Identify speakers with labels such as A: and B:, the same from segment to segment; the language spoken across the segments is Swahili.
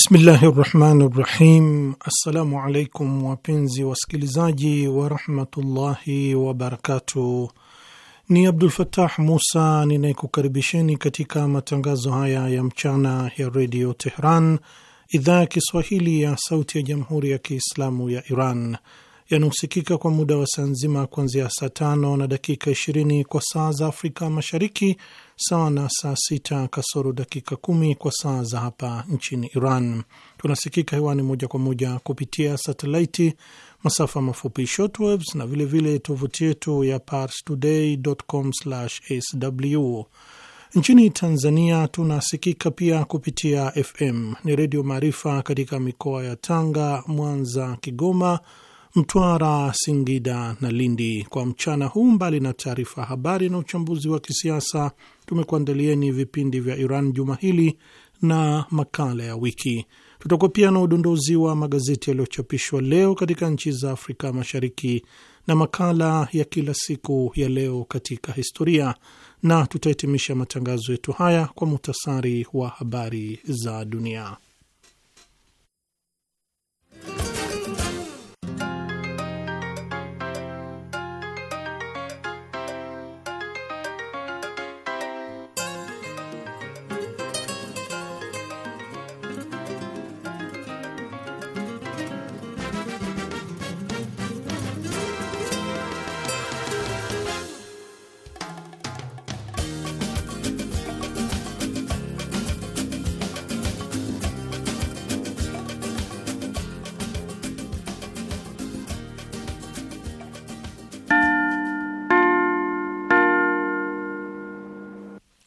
A: Bismillahi rahmani rahim. Assalamu alaikum wapenzi wasikilizaji warahmatullahi wabarakatuh. Ni Abdul Fattah Musa ninayekukaribisheni katika matangazo haya ya mchana ya redio Tehran, idhaa ya Kiswahili ya sauti ya jamhuri ya Kiislamu ya Iran yanahusikika kwa muda wa saa nzima kuanzia saa tano na dakika ishirini kwa saa za Afrika Mashariki, sawa na saa sita kasoro dakika kumi kwa saa za hapa nchini Iran. Tunasikika hewani moja kwa moja kupitia satelaiti, masafa mafupi shortwaves, na vilevile tovuti yetu ya parstoday.com/sw. Nchini Tanzania tunasikika pia kupitia FM ni Redio Maarifa katika mikoa ya Tanga, Mwanza, Kigoma, Mtwara, Singida na Lindi. Kwa mchana huu, mbali na taarifa habari na uchambuzi wa kisiasa, tumekuandalieni vipindi vya Iran juma hili na makala ya wiki. Tutakuwa pia na udondozi wa magazeti yaliyochapishwa leo katika nchi za Afrika Mashariki na makala ya kila siku ya leo katika historia, na tutahitimisha matangazo yetu haya kwa muhtasari wa habari za dunia.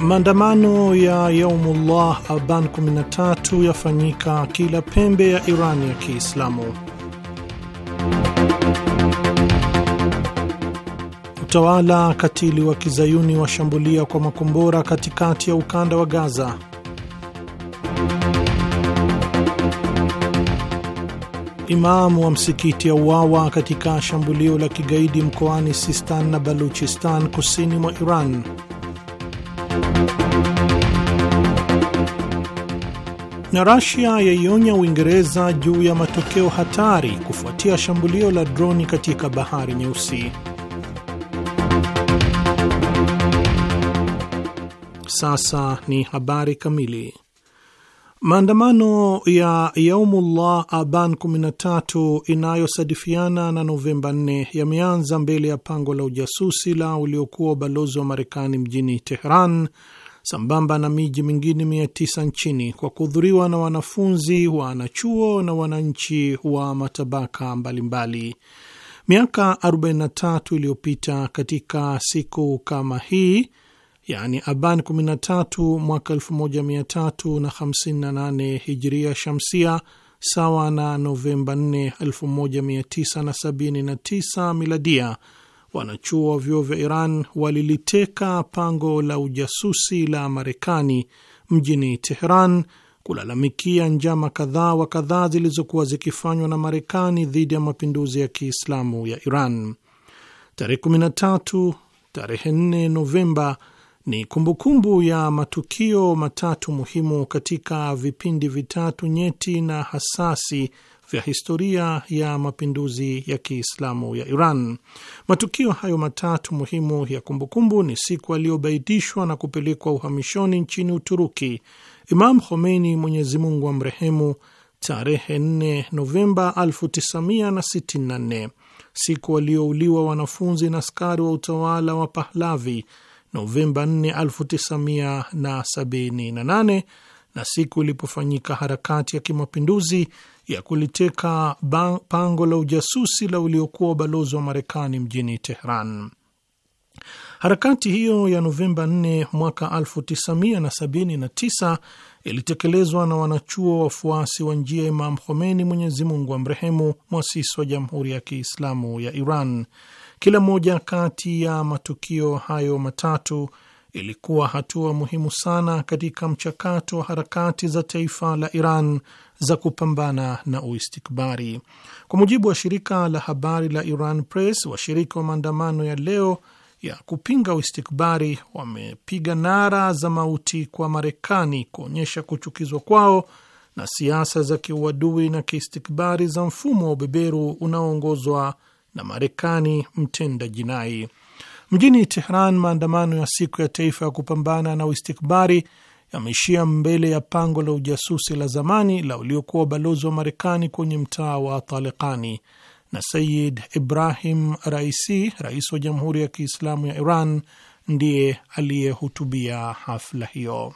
A: Maandamano ya Yaumullah Aban 13 yafanyika kila pembe ya Irani ya Kiislamu.
B: Utawala
A: katili wa kizayuni washambulia kwa makombora katikati ya ukanda wa Gaza. Imamu wa msikiti auawa katika shambulio la kigaidi mkoani Sistan na Baluchistan kusini mwa Iran. Na Rasia yaionya Uingereza juu ya matokeo hatari kufuatia shambulio la droni katika bahari Nyeusi. Sasa ni habari kamili. Maandamano ya Yaumullah Aban 13 inayosadifiana na Novemba 4 yameanza mbele ya pango la ujasusi la uliokuwa ubalozi wa Marekani mjini Tehran sambamba na miji mingine mia tisa nchini kwa kuhudhuriwa na wanafunzi, wanachuo na wananchi wa matabaka mbalimbali. Miaka 43 iliyopita katika siku kama hii yani Aban 13 mwaka 1358 hijria shamsia sawa na Novemba 4, 1979 miladia, wanachuo wa vyuo vya Iran waliliteka pango la ujasusi la Marekani mjini Teheran kulalamikia njama kadhaa wa kadhaa zilizokuwa zikifanywa na Marekani dhidi ya mapinduzi ya Kiislamu ya Iran. Tarehe 13 tarehe 4 Novemba ni kumbukumbu kumbu ya matukio matatu muhimu katika vipindi vitatu nyeti na hasasi vya historia ya mapinduzi ya Kiislamu ya Iran. Matukio hayo matatu muhimu ya kumbukumbu kumbu ni siku aliyobaitishwa na kupelekwa uhamishoni nchini Uturuki Imam Khomeini, Mwenyezi Mungu amrehemu, tarehe 4 Novemba 1964, siku waliouliwa wanafunzi na askari wa utawala wa Pahlavi Novemba 4, 1978 na siku ilipofanyika harakati ya kimapinduzi ya kuliteka pango la ujasusi la uliokuwa ubalozi wa Marekani mjini Tehran. Harakati hiyo ya Novemba 4 mwaka 1979 ilitekelezwa na wanachuo wafuasi wa njia Imam Khomeini, Mwenyezi Mungu amrehemu, mwasisi wa Jamhuri ya Kiislamu ya Iran. Kila moja kati ya matukio hayo matatu ilikuwa hatua muhimu sana katika mchakato wa harakati za taifa la Iran za kupambana na uistikbari. Kwa mujibu wa shirika la habari la Iran Press, washiriki wa maandamano ya leo ya kupinga uistikbari wamepiga nara za mauti kwa Marekani kuonyesha kuchukizwa kwao na siasa za kiuadui na kiistikbari za mfumo wa ubeberu unaoongozwa na Marekani mtenda jinai. Mjini Tehran, maandamano ya siku ya taifa ya kupambana na uistikbari yameishia mbele ya pango la ujasusi la zamani la uliokuwa balozi wa Marekani kwenye mtaa wa Talekani, na Sayid Ibrahim Raisi, rais wa Jamhuri ya Kiislamu ya Iran, ndiye aliyehutubia hafla hiyo.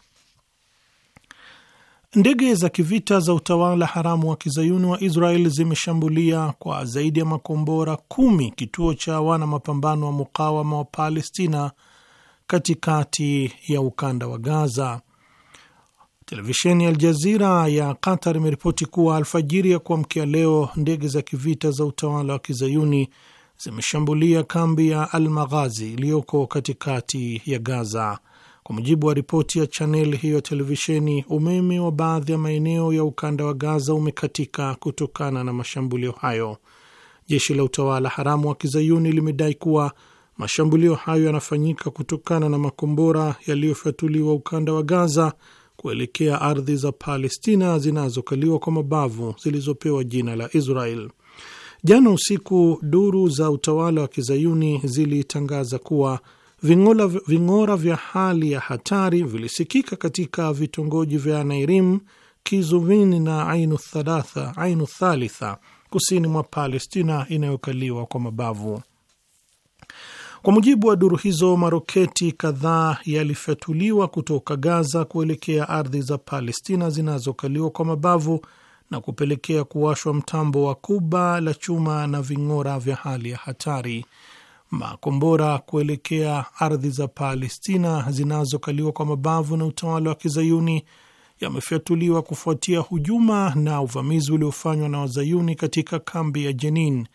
A: Ndege za kivita za utawala haramu wa kizayuni wa Israel zimeshambulia kwa zaidi ya makombora kumi kituo cha wana mapambano wa mukawama wa Palestina katikati ya ukanda wa Gaza. Televisheni ya Aljazira ya Qatar imeripoti kuwa alfajiri ya kuamkia leo ndege za kivita za utawala wa kizayuni zimeshambulia kambi ya Al Maghazi iliyoko katikati ya Gaza. Kwa mujibu wa ripoti ya chanel hiyo televisheni, umeme wa baadhi ya maeneo ya ukanda wa Gaza umekatika kutokana na mashambulio hayo. Jeshi la utawala haramu wa kizayuni limedai kuwa mashambulio hayo yanafanyika kutokana na makombora yaliyofyatuliwa ukanda wa Gaza kuelekea ardhi za Palestina zinazokaliwa kwa mabavu zilizopewa jina la Israel. Jana usiku, duru za utawala wa kizayuni zilitangaza kuwa Ving'ora, ving'ora vya hali ya hatari vilisikika katika vitongoji vya Nairim, Kizuvini na Ainu Thalatha, Ainu Thalitha kusini mwa Palestina inayokaliwa kwa mabavu. Kwa mujibu wa duru hizo, maroketi kadhaa yalifyatuliwa kutoka Gaza kuelekea ardhi za Palestina zinazokaliwa kwa mabavu na kupelekea kuwashwa mtambo wa kuba la chuma na ving'ora vya hali ya hatari makombora kuelekea ardhi za Palestina zinazokaliwa kwa mabavu na utawala wa kizayuni yamefyatuliwa kufuatia hujuma na uvamizi uliofanywa na wazayuni katika kambi ya Jenin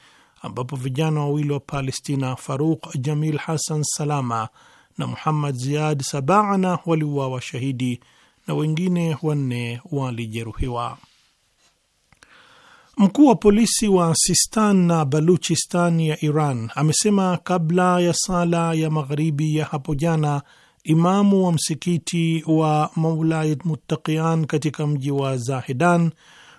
A: ambapo vijana wawili wa Palestina, Faruk Jamil Hassan Salama na Muhammad Ziad Sabaana waliuawa shahidi na wengine wanne walijeruhiwa. Mkuu wa polisi wa Sistan na Baluchistan ya Iran amesema kabla ya sala ya magharibi ya hapo jana, imamu wa msikiti wa Maulayat Muttaqian katika mji wa Zahedan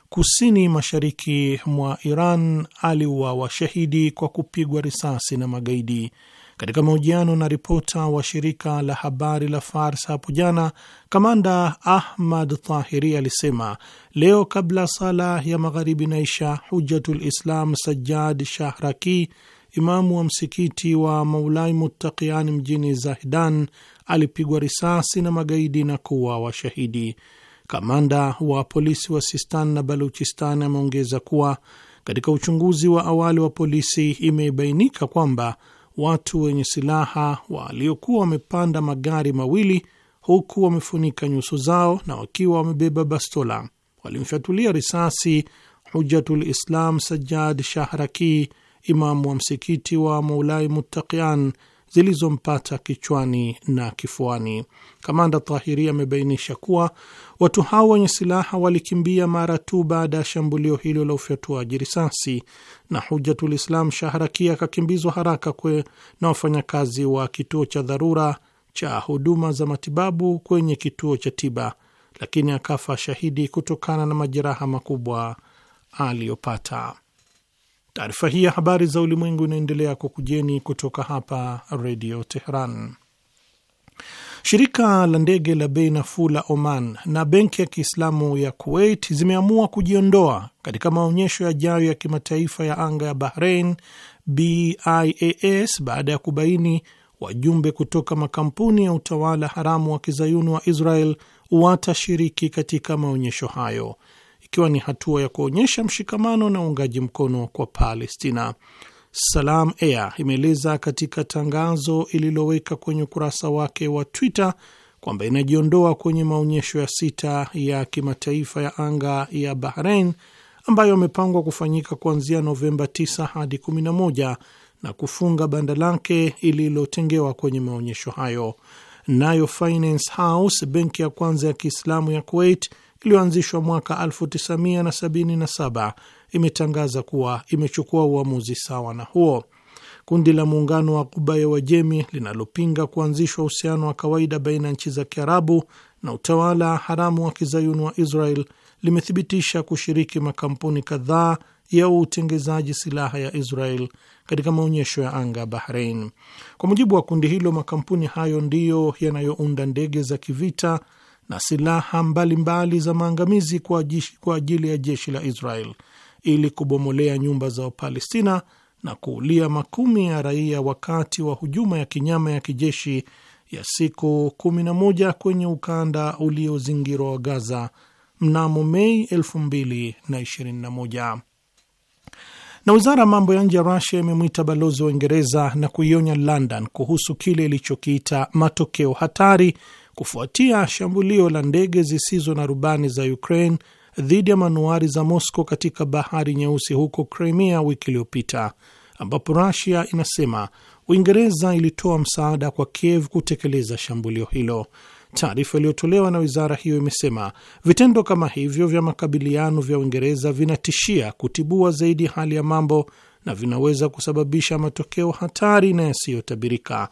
A: kusini mashariki mwa Iran aliuawa shahidi kwa kupigwa risasi na magaidi. Katika mahojiano na ripota wa shirika la habari la Fars hapo jana, kamanda Ahmad Tahiri alisema leo kabla sala ya magharibi na isha, Hujatul Islam Sajjad Shahraki, imamu wa msikiti wa Maulai Muttaqian mjini Zahidan, alipigwa risasi na magaidi na kuwa washahidi. Kamanda wa polisi wa Sistan na Baluchistan ameongeza kuwa katika uchunguzi wa awali wa polisi imebainika kwamba watu wenye silaha waliokuwa wamepanda magari mawili huku wamefunika nyuso zao na wakiwa wamebeba bastola walimfyatulia risasi Hujatul Islam Sajjad Shahraki, imamu wa msikiti wa Maulai Muttaqian, zilizompata kichwani na kifuani. Kamanda Tahiri amebainisha kuwa watu hao wenye silaha walikimbia mara tu baada ya shambulio hilo la ufyatuaji risasi, na Hujatul Islam Shahrakia akakimbizwa haraka kwe na wafanyakazi wa kituo cha dharura cha huduma za matibabu kwenye kituo cha tiba, lakini akafa shahidi kutokana na majeraha makubwa aliyopata. Taarifa hii ya habari za ulimwengu inaendelea kukujeni kutoka hapa Redio Teheran. Shirika la ndege la bei nafuu la Oman na benki ya Kiislamu ya Kuwait zimeamua kujiondoa katika maonyesho yajayo ya kimataifa ya anga ya Bahrain bias baada ya kubaini wajumbe kutoka makampuni ya utawala haramu wa kizayuni wa Israel watashiriki katika maonyesho hayo, ikiwa ni hatua ya kuonyesha mshikamano na uungaji mkono kwa Palestina. Salam Air imeeleza katika tangazo ililoweka kwenye ukurasa wake wa Twitter kwamba inajiondoa kwenye maonyesho ya sita ya kimataifa ya anga ya Bahrain ambayo amepangwa kufanyika kuanzia Novemba 9 hadi 11 na kufunga banda lake ililotengewa kwenye maonyesho hayo. Nayo Finance House, benki ya kwanza ya Kiislamu ya Kuwait iliyoanzishwa mwaka 1977 imetangaza kuwa imechukua uamuzi sawa na huo. Kundi la muungano wa Ghuba ya Wajemi linalopinga kuanzishwa uhusiano wa kawaida baina ya nchi za Kiarabu na utawala haramu wa kizayuni wa Israel limethibitisha kushiriki makampuni kadhaa ya utengezaji silaha ya Israel katika maonyesho ya anga Bahrain. Kwa mujibu wa kundi hilo, makampuni hayo ndiyo yanayounda ndege za kivita na silaha mbalimbali mbali za maangamizi kwa, kwa ajili ya jeshi la Israel ili kubomolea nyumba za Wapalestina na kuulia makumi ya raia wakati wa hujuma ya kinyama ya kijeshi ya siku 11 kwenye ukanda uliozingirwa wa Gaza mnamo Mei 2021. Na wizara ya mambo ya nje ya Rusia imemwita balozi wa Uingereza na kuionya London kuhusu kile ilichokiita matokeo hatari kufuatia shambulio la ndege zisizo na rubani za Ukraine dhidi ya manuari za Moscow katika bahari nyeusi huko Crimea wiki iliyopita, ambapo rasia inasema Uingereza ilitoa msaada kwa Kiev kutekeleza shambulio hilo. Taarifa iliyotolewa na wizara hiyo imesema vitendo kama hivyo vya makabiliano vya Uingereza vinatishia kutibua zaidi hali ya mambo na vinaweza kusababisha matokeo hatari na yasiyotabirika.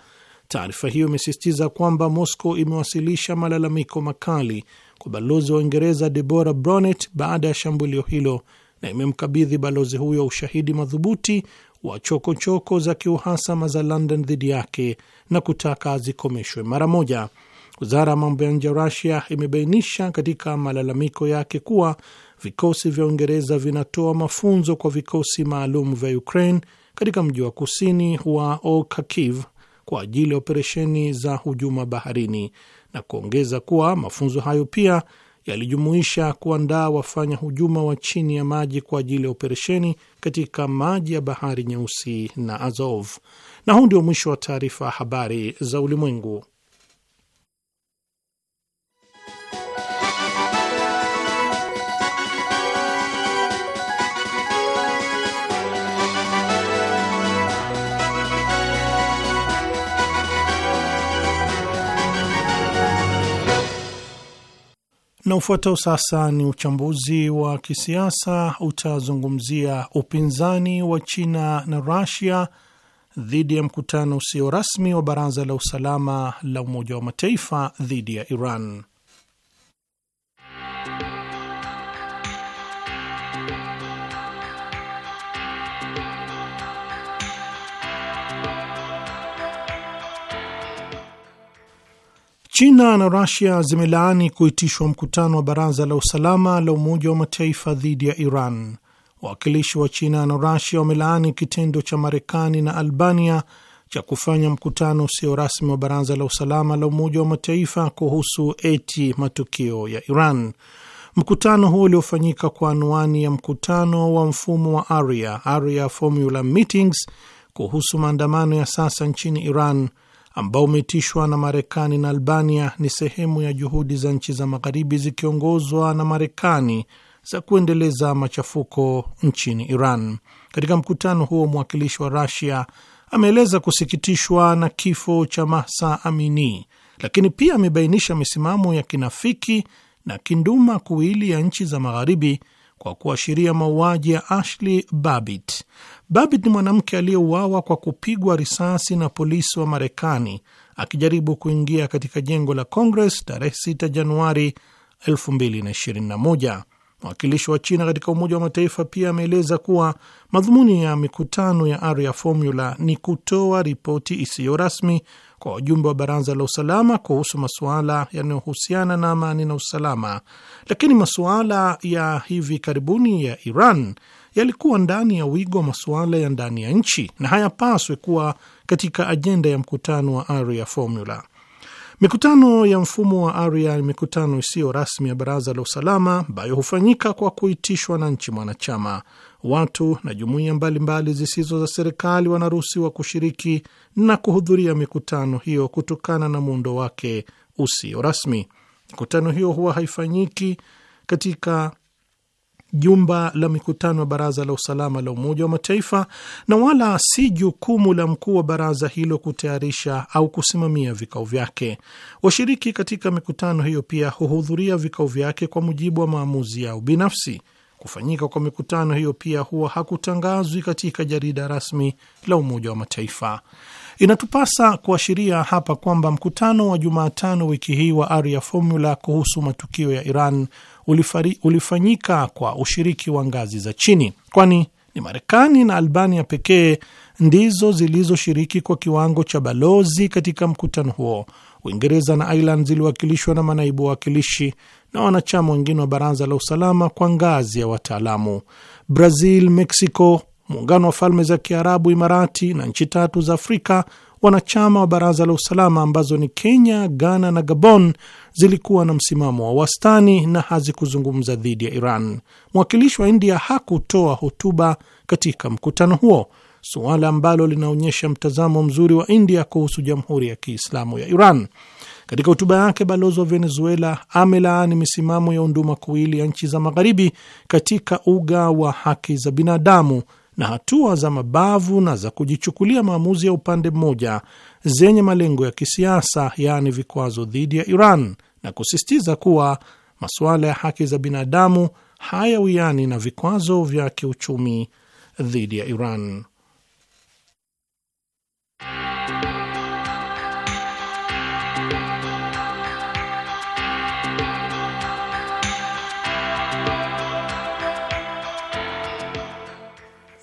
A: Taarifa hiyo imesisitiza kwamba Moscow imewasilisha malalamiko makali kwa balozi wa Uingereza Deborah Bronet baada ya shambulio hilo na imemkabidhi balozi huyo ushahidi madhubuti wa chokochoko za kiuhasama za London dhidi yake na kutaka zikomeshwe mara moja. Wizara ya mambo ya nje ya Rusia imebainisha katika malalamiko yake kuwa vikosi vya Uingereza vinatoa mafunzo kwa vikosi maalum vya Ukraine katika mji wa kusini wa Okakiv kwa ajili ya operesheni za hujuma baharini na kuongeza kuwa mafunzo hayo pia yalijumuisha kuandaa wafanya hujuma wa chini ya maji kwa ajili ya operesheni katika maji ya Bahari Nyeusi na Azov. Na huu ndio mwisho wa taarifa habari za ulimwengu. Na ufuatao sasa ni uchambuzi wa kisiasa utazungumzia upinzani wa China na rusia dhidi ya mkutano usio rasmi wa Baraza la Usalama la Umoja wa Mataifa dhidi ya Iran. China na Rusia zimelaani kuitishwa mkutano wa baraza la usalama la Umoja wa Mataifa dhidi ya Iran. Wawakilishi wa China na Rusia wamelaani kitendo cha Marekani na Albania cha kufanya mkutano usio rasmi wa baraza la usalama la Umoja wa Mataifa kuhusu eti matukio ya Iran. Mkutano huo uliofanyika kwa anwani ya mkutano wa mfumo wa Aria, Aria Formula Meetings, kuhusu maandamano ya sasa nchini Iran ambao umeitishwa na Marekani na Albania ni sehemu ya juhudi za nchi za magharibi zikiongozwa na Marekani za kuendeleza machafuko nchini Iran. Katika mkutano huo, mwakilishi wa Rasia ameeleza kusikitishwa na kifo cha Mahsa Amini, lakini pia amebainisha misimamo ya kinafiki na kinduma kuili ya nchi za magharibi kwa kuashiria mauaji ya Ashley Babbitt. Babbitt ni mwanamke aliyeuawa kwa kupigwa risasi na polisi wa Marekani akijaribu kuingia katika jengo la Congress tarehe 6 Januari 2021. Mwakilishi wa China katika Umoja wa Mataifa pia ameeleza kuwa madhumuni ya mikutano ya ARIA Formula ni kutoa ripoti isiyo rasmi kwa wajumbe wa baraza la usalama kuhusu masuala yanayohusiana na amani na usalama, lakini masuala ya hivi karibuni ya Iran yalikuwa ndani ya wigo wa masuala ya ndani ya nchi na hayapaswi kuwa katika ajenda ya mkutano wa aria Formula. Mikutano ya mfumo wa Arya ni mikutano isiyo rasmi ya baraza la usalama ambayo hufanyika kwa kuitishwa na nchi mwanachama watu na jumuiya mbalimbali zisizo za serikali wanaruhusiwa kushiriki na kuhudhuria mikutano hiyo kutokana na muundo wake usio rasmi. Mikutano hiyo huwa haifanyiki katika jumba la mikutano ya Baraza la Usalama la Umoja wa Mataifa, na wala si jukumu la mkuu wa baraza hilo kutayarisha au kusimamia vikao vyake. Washiriki katika mikutano hiyo pia huhudhuria vikao vyake kwa mujibu wa maamuzi yao binafsi. Kufanyika kwa mikutano hiyo pia huwa hakutangazwi katika jarida rasmi la Umoja wa Mataifa. Inatupasa kuashiria hapa kwamba mkutano wa Jumatano wiki hii wa Arya Formula kuhusu matukio ya Iran ulifari, ulifanyika kwa ushiriki wa ngazi za chini, kwani ni Marekani na Albania pekee ndizo zilizoshiriki kwa kiwango cha balozi katika mkutano huo. Uingereza na Ireland ziliwakilishwa na manaibu wawakilishi, na wanachama wengine wa baraza la usalama kwa ngazi ya wataalamu. Brazil, Mexico, muungano wa falme za Kiarabu, Imarati na nchi tatu za Afrika wanachama wa baraza la usalama ambazo ni Kenya, Ghana na Gabon zilikuwa na msimamo wa wastani na hazikuzungumza dhidi ya Iran. Mwakilishi wa India hakutoa hotuba katika mkutano huo, suala ambalo linaonyesha mtazamo mzuri wa India kuhusu Jamhuri ya Kiislamu ya Iran. Katika hotuba yake, balozi wa Venezuela amelaani misimamo ya unduma kuwili ya nchi za Magharibi katika uga wa haki za binadamu na hatua za mabavu na za kujichukulia maamuzi ya upande mmoja zenye malengo ya kisiasa, yaani vikwazo dhidi ya Iran, na kusisitiza kuwa masuala ya haki za binadamu hayawiani na vikwazo vya kiuchumi dhidi ya Iran.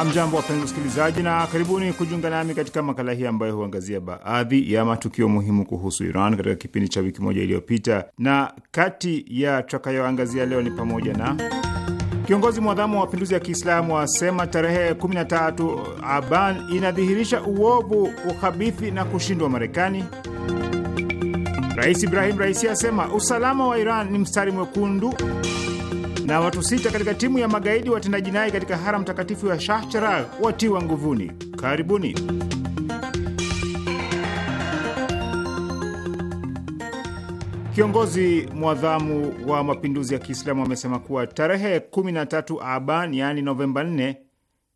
C: Amjambo, wapenzi wasikilizaji, na karibuni kujiunga nami katika makala hii ambayo huangazia baadhi ya matukio muhimu kuhusu Iran katika kipindi cha wiki moja iliyopita, na kati ya tutakayoangazia leo ni pamoja na kiongozi mwadhamu wa mapinduzi ya Kiislamu asema tarehe 13 Aban inadhihirisha uovu, ukhabithi na kushindwa Marekani. Rais Ibrahim Raisi asema usalama wa Iran ni mstari mwekundu na watu sita katika timu ya magaidi watenda jinai katika haram takatifu ya Shah Cheragh watiwa nguvuni. Karibuni. Kiongozi mwadhamu wa mapinduzi ya Kiislamu amesema kuwa tarehe 13 Aban, yaani Novemba 4,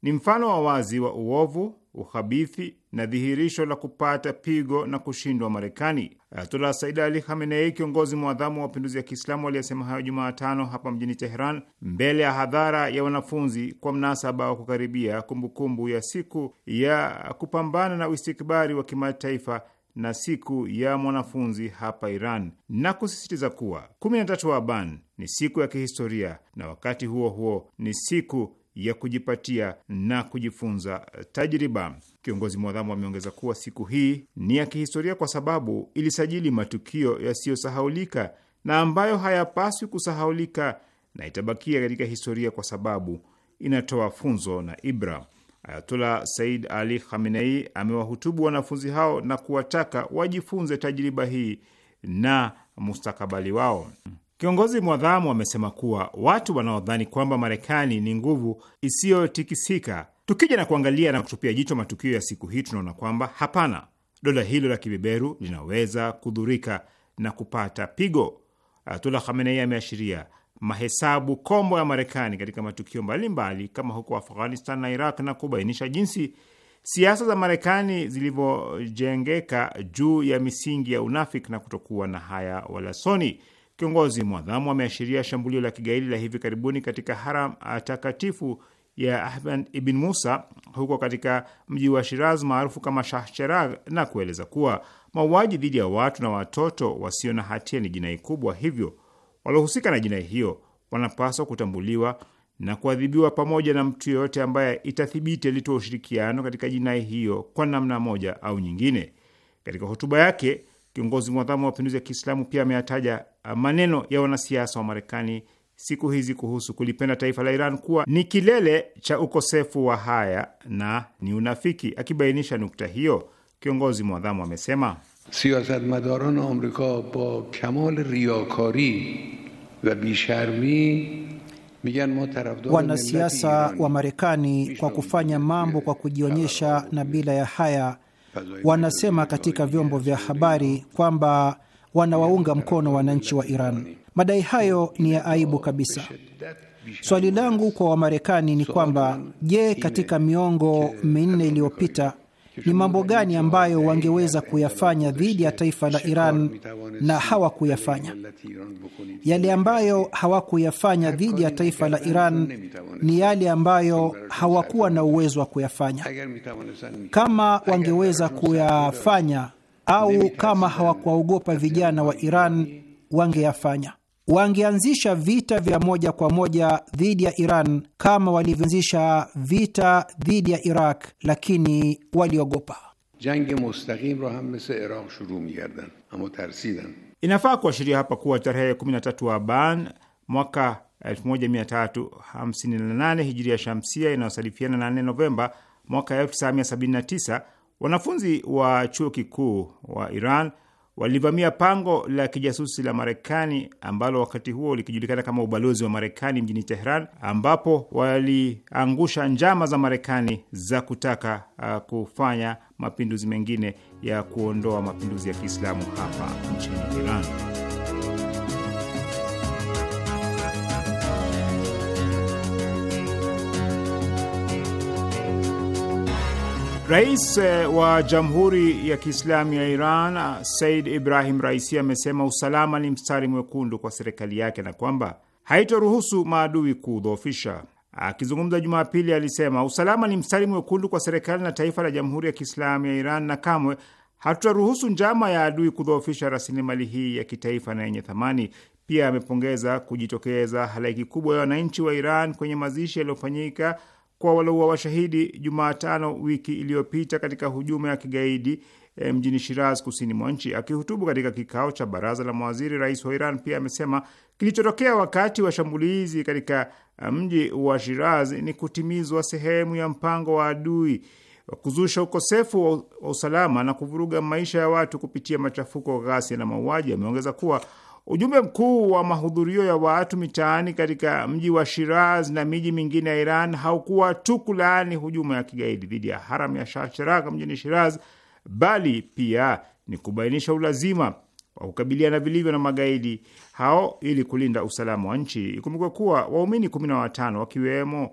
C: ni mfano wa wazi wa uovu, uhabithi na dhihirisho la kupata pigo na kushindwa Marekani. Ayatullah Said Ali Khamenei, kiongozi mwadhamu wa mapinduzi ya Kiislamu, aliyesema hayo jumaatano hapa mjini Teheran, mbele ya hadhara ya wanafunzi kwa mnasaba wa kukaribia kumbukumbu ya siku ya kupambana na uistikbari wa kimataifa na siku ya mwanafunzi hapa Iran na kusisitiza kuwa 13 wa Aban ni siku ya kihistoria na wakati huo huo ni siku ya kujipatia na kujifunza tajriba. Kiongozi mwadhamu ameongeza kuwa siku hii ni ya kihistoria kwa sababu ilisajili matukio yasiyosahaulika na ambayo hayapaswi kusahaulika na itabakia katika historia kwa sababu inatoa funzo na ibra. Ayatola Said Ali Khamenei amewahutubu wanafunzi hao na kuwataka wajifunze tajriba hii na mustakabali wao. Kiongozi mwadhamu amesema kuwa watu wanaodhani kwamba Marekani ni nguvu isiyotikisika Tukija na kuangalia na kutupia jicho matukio ya siku hii, tunaona kwamba hapana, dola hilo la kibeberu linaweza kudhurika na kupata pigo. Ayatullah ah, Khamenei ameashiria mahesabu kombo ya Marekani katika matukio mbalimbali mbali, kama huko Afghanistan na Iraq na kubainisha jinsi siasa za Marekani zilivyojengeka juu ya misingi ya unafiki na kutokuwa na haya wala soni. Kiongozi mwadhamu ameashiria shambulio la kigaidi la hivi karibuni katika haram ah, takatifu ya Ahmed ibn Musa huko katika mji wa Shiraz maarufu kama Shahcheragh na kueleza kuwa mauaji dhidi ya watu na watoto wasio na hatia ni jinai kubwa, hivyo waliohusika na jinai hiyo wanapaswa kutambuliwa na kuadhibiwa pamoja na mtu yoyote ambaye itathibiti alitoa ushirikiano katika jinai hiyo kwa namna moja au nyingine. Katika hotuba yake, kiongozi mwadhamu wa mapinduzi ya Kiislamu pia ameyataja maneno ya wanasiasa wa Marekani siku hizi kuhusu kulipenda taifa la Iran kuwa ni kilele cha ukosefu wa haya na ni unafiki. Akibainisha nukta hiyo, kiongozi mwadhamu amesema siyasatmadaran amrika ba kamal riyakari
D: wa bisharmi Wanasiasa wa Marekani kwa kufanya mambo kwa kujionyesha na bila ya haya wanasema katika vyombo vya habari kwamba wanawaunga mkono wananchi wa Iran. Madai hayo ni ya aibu kabisa. Swali langu kwa Wamarekani ni kwamba je, katika miongo minne iliyopita ni mambo gani ambayo wangeweza kuyafanya dhidi ya taifa la Iran na hawakuyafanya? Yale ambayo hawakuyafanya dhidi ya taifa la Iran ni yale ambayo hawakuwa na uwezo wa kuyafanya. Kama wangeweza kuyafanya au kama hawakuwaogopa vijana wa Iran, wangeyafanya wangeanzisha vita vya moja kwa moja dhidi ya Iran kama walivyoanzisha vita dhidi ya Iraq, lakini waliogopa.
B: mustaqim
A: ro ham misl iraq shuru migardan amo tarsidan.
C: Inafaa kuashiria hapa kuwa tarehe 13 Aban mwaka 1358 hijiria shamsia inayosalifiana na 4 Novemba mwaka 1979 wanafunzi wa chuo kikuu wa Iran walivamia pango la kijasusi la Marekani ambalo wakati huo likijulikana kama ubalozi wa Marekani mjini Tehran, ambapo waliangusha njama za Marekani za kutaka uh, kufanya mapinduzi mengine ya kuondoa mapinduzi ya Kiislamu hapa nchini Iran. Rais eh, wa Jamhuri ya Kiislamu ya Iran ah, Said Ibrahim Raisi amesema usalama ni mstari mwekundu kwa serikali yake na kwamba haitoruhusu maadui kudhoofisha Akizungumza Jumapili alisema usalama ni mstari mwekundu kwa serikali na taifa la Jamhuri ya Kiislamu ya Iran, na kamwe hatutaruhusu njama ya adui kudhoofisha rasilimali hii ya kitaifa na yenye thamani. Pia amepongeza kujitokeza halaiki kubwa ya wananchi wa Iran kwenye mazishi yaliyofanyika kwa waliouawa washahidi Jumatano wiki iliyopita katika hujuma ya kigaidi e, mjini Shiraz kusini mwa nchi. Akihutubu katika kikao cha baraza la mawaziri, rais wa Iran pia amesema kilichotokea wakati wa shambulizi katika e, mji wa Shiraz ni kutimizwa sehemu ya mpango wa adui wa kuzusha ukosefu wa usalama na kuvuruga maisha ya watu kupitia machafuko, ghasia na mauaji. Ameongeza kuwa Ujumbe mkuu wa mahudhurio ya watu mitaani katika mji wa Shiraz na miji mingine ya Iran haukuwa tu kulaani hujuma ya kigaidi dhidi ya haram ya Shah Cheragh mjini Shiraz, bali pia ni kubainisha ulazima wa kukabiliana vilivyo na magaidi hao ili kulinda usalama wa nchi. Ikumbukwe kuwa waumini kumi na watano wakiwemo